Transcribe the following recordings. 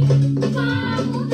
Vamos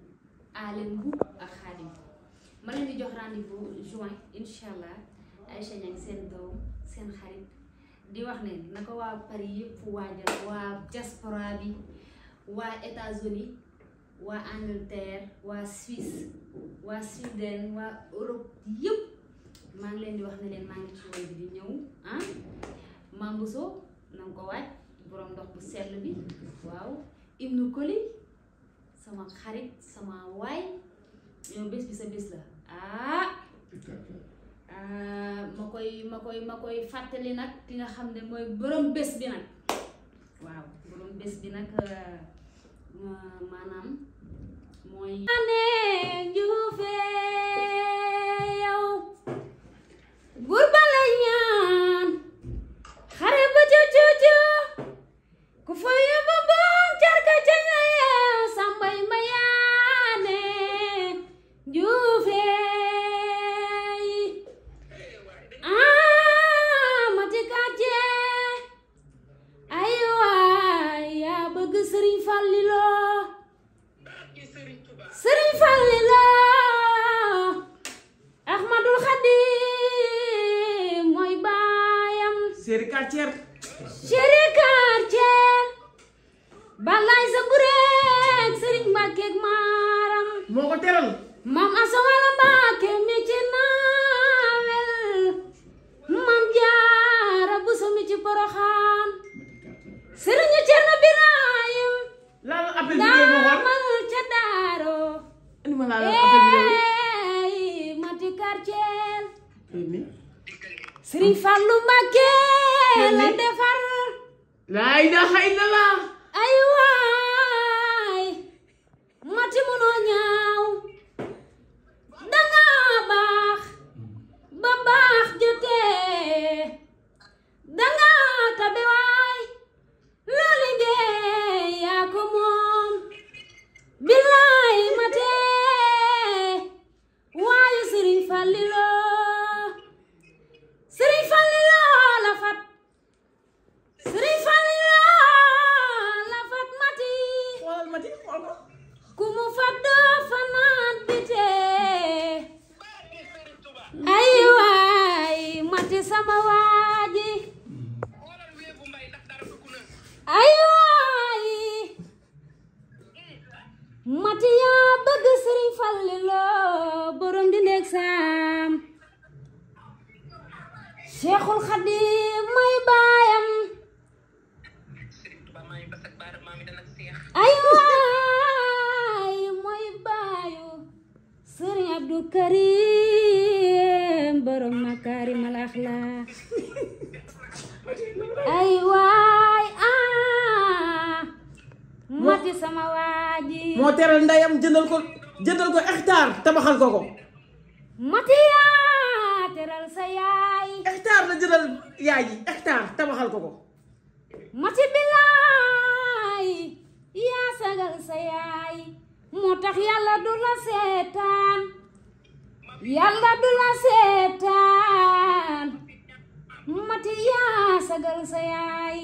Alioune Mboup ak Khadim ma leen di jox rendez-vous juin incha allah Aïcha Niang seen doom seen xarit di wax ne na ko waa Paris yëpp waajal waa diaspora bi waa États-Unis waa Angleterre waa Suisse waa Sweden waa Europe yëpp maa ngi leen di wax ne leen maa ngi ci bi di ñëw ah Mambouso na ko waaj borom ndox bu sell bi waaw Ibnu Koli sama xarit sama waay yow bés bi sa bés la ah ma koy ma koy ma koy fàttali nag ki nga xam ne mooy borom bés bi nag waaw borom bés bi nag ah, maanaam mooy moo ko teral maam asama I Matiya teral sa yaay. hectare la jëlal yaay ji hectare tabaxal ko ko. Mati billaay yaa sagal sa yaay moo tax yàlla du la seetaan yàlla du la seetaan Mati yaa sagal sa yaay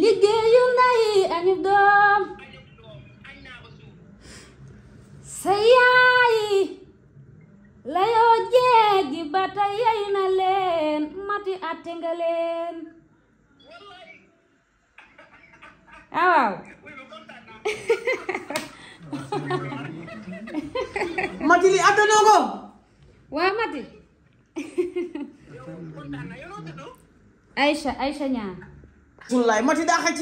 liggéeyu ndey añu doom. Sayai layoo jegi bata yai na len mati atte nga mati li atte Wah mati Aisha, Aisha nya wallaay mati dah xaj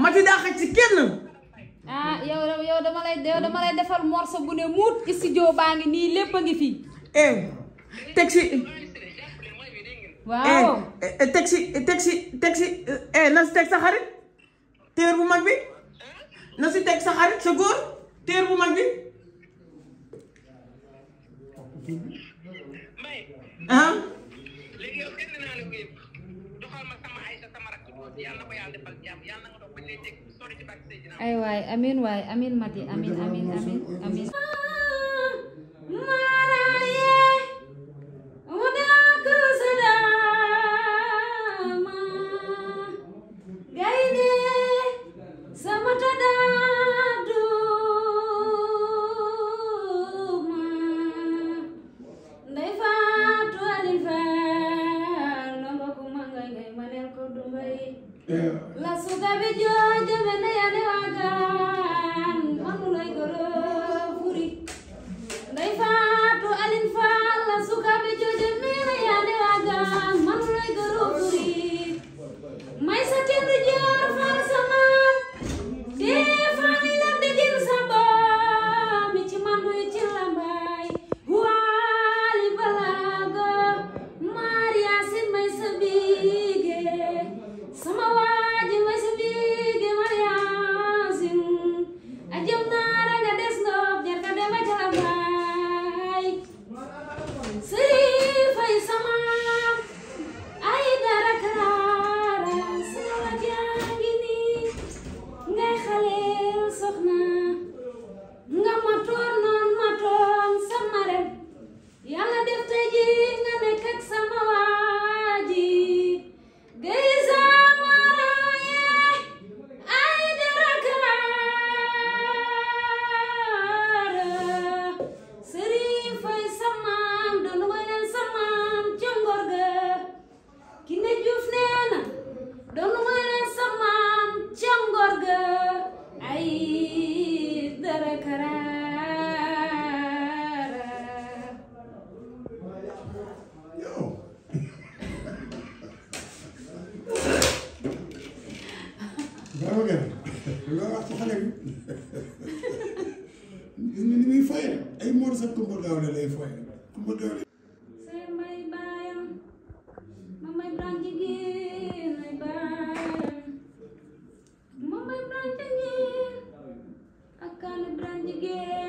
mati daa xaj ci kenn. ah yow yow dama lay yow morso bu ne muut baa ngi nii lépp a ngi fii. eh teg si. waaw eh, eh, teg si teg si teg si eh, eh na si teg sa xarit téer bu mag bi na si teg sa xarit sa góor téer bu mag bi. ah. ma sama yàlla ay waay amin waay amin mati amin amin amin amin Yeah. La Пойдем again.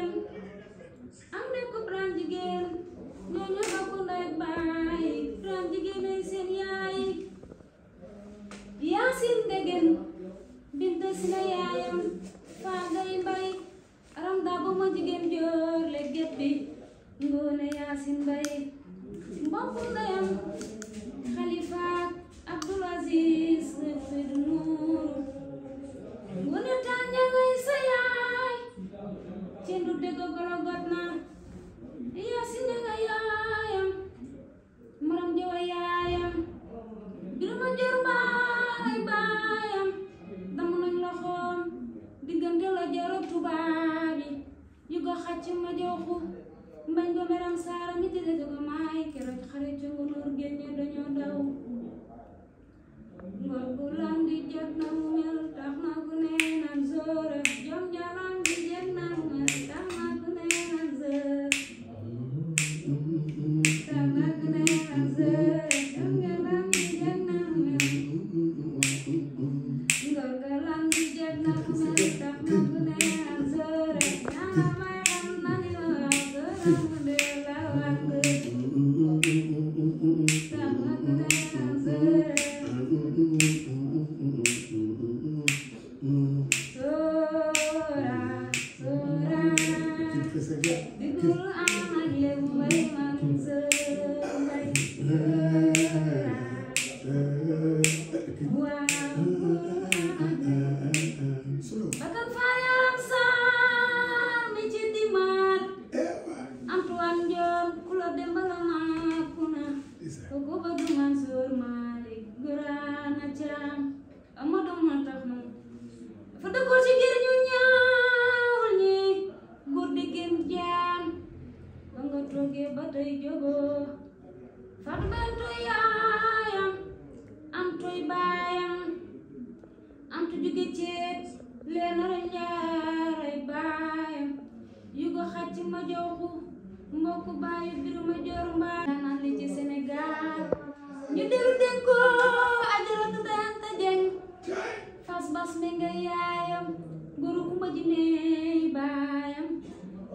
न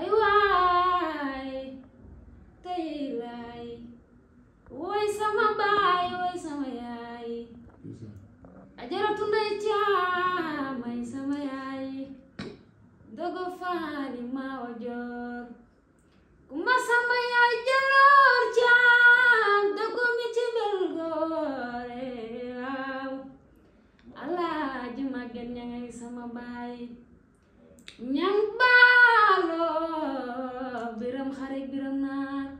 ay waay tey sama baay woy sama yaay ajaratu ndey caamay sama yaay dogo faali maawa joor kumba sama yaay jaloor caam dogo mi ci mbel goore waaw alaaji sama baay ñang dem xare biram naar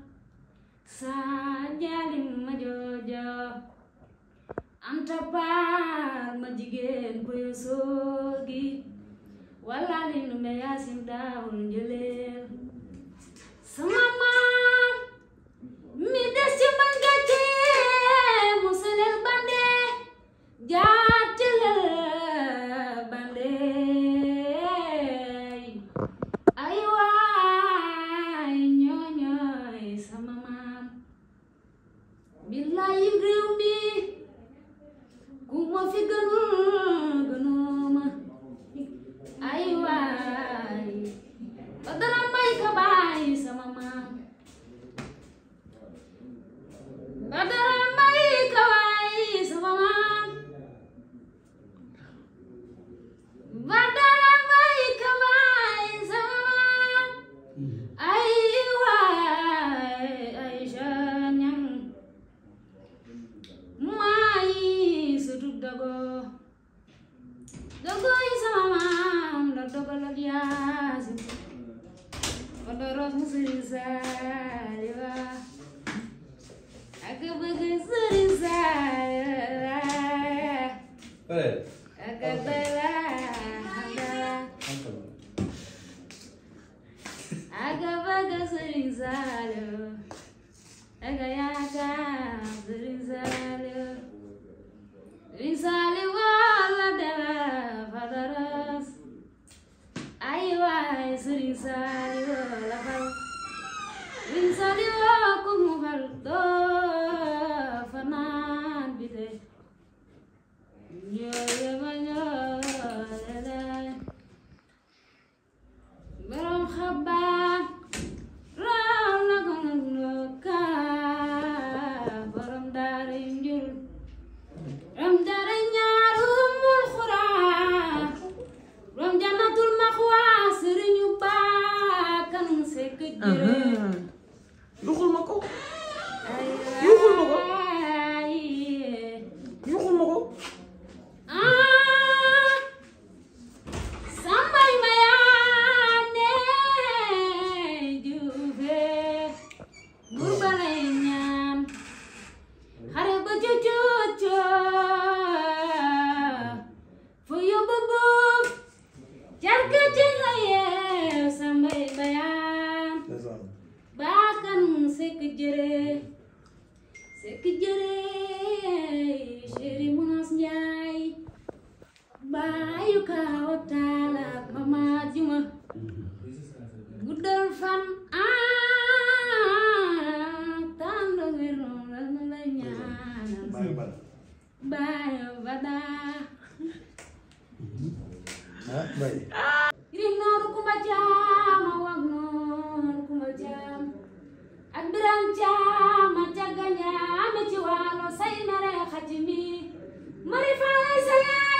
saa jaalim ma joojo anta paal ma jigéen boyo soogi walla li nu me yaasin Yeah. akan sekejere sekejere shiri munas nyai bayu kau talak mama juma gudal fan ah tando ngirum lalanya bayu bada Ah, baik. Ring mau kumbaca mawagno biram caama jagga ñaame ci waalo say na reexa ci mi mari faay sa yaay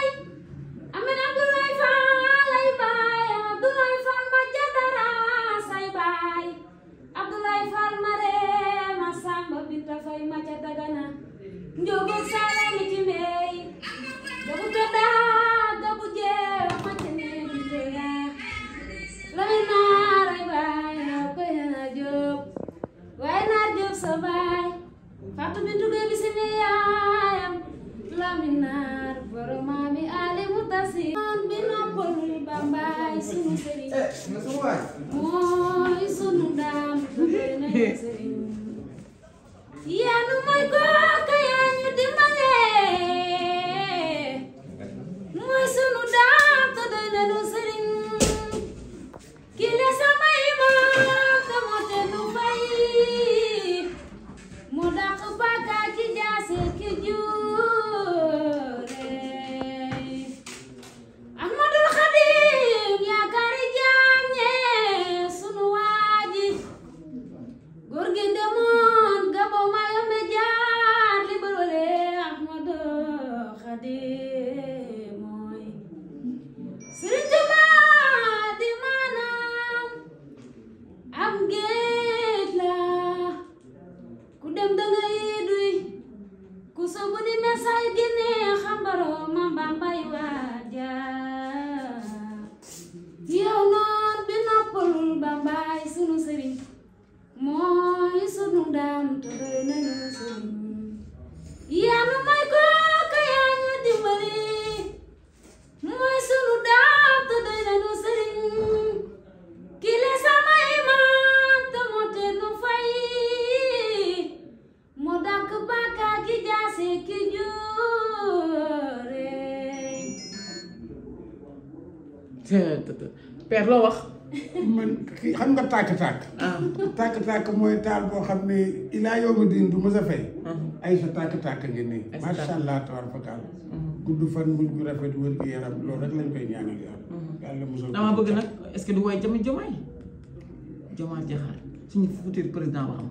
oh my god! père loo wax. xam nga tàkk-tàkk. tàkk-tàkk ah. mooy taal boo xam ne ilaa yoomu diin du mës a fay. Mm-hmm. ay sa tàkk-tàkk ngi nii. macha allah tabaarkalla. Mm-hmm. gudd fan mujj bu rafet wér gu yaram loolu rek lañ koy ñaanal yàlla. Mm-hmm. yàlla mosoo bëgg nag est du way jëm jaxaar suñu futur président ba xam.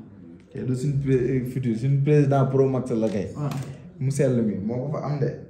te du suñu futur suñu président pro max la kay. mu sell mi moo ko fa am de.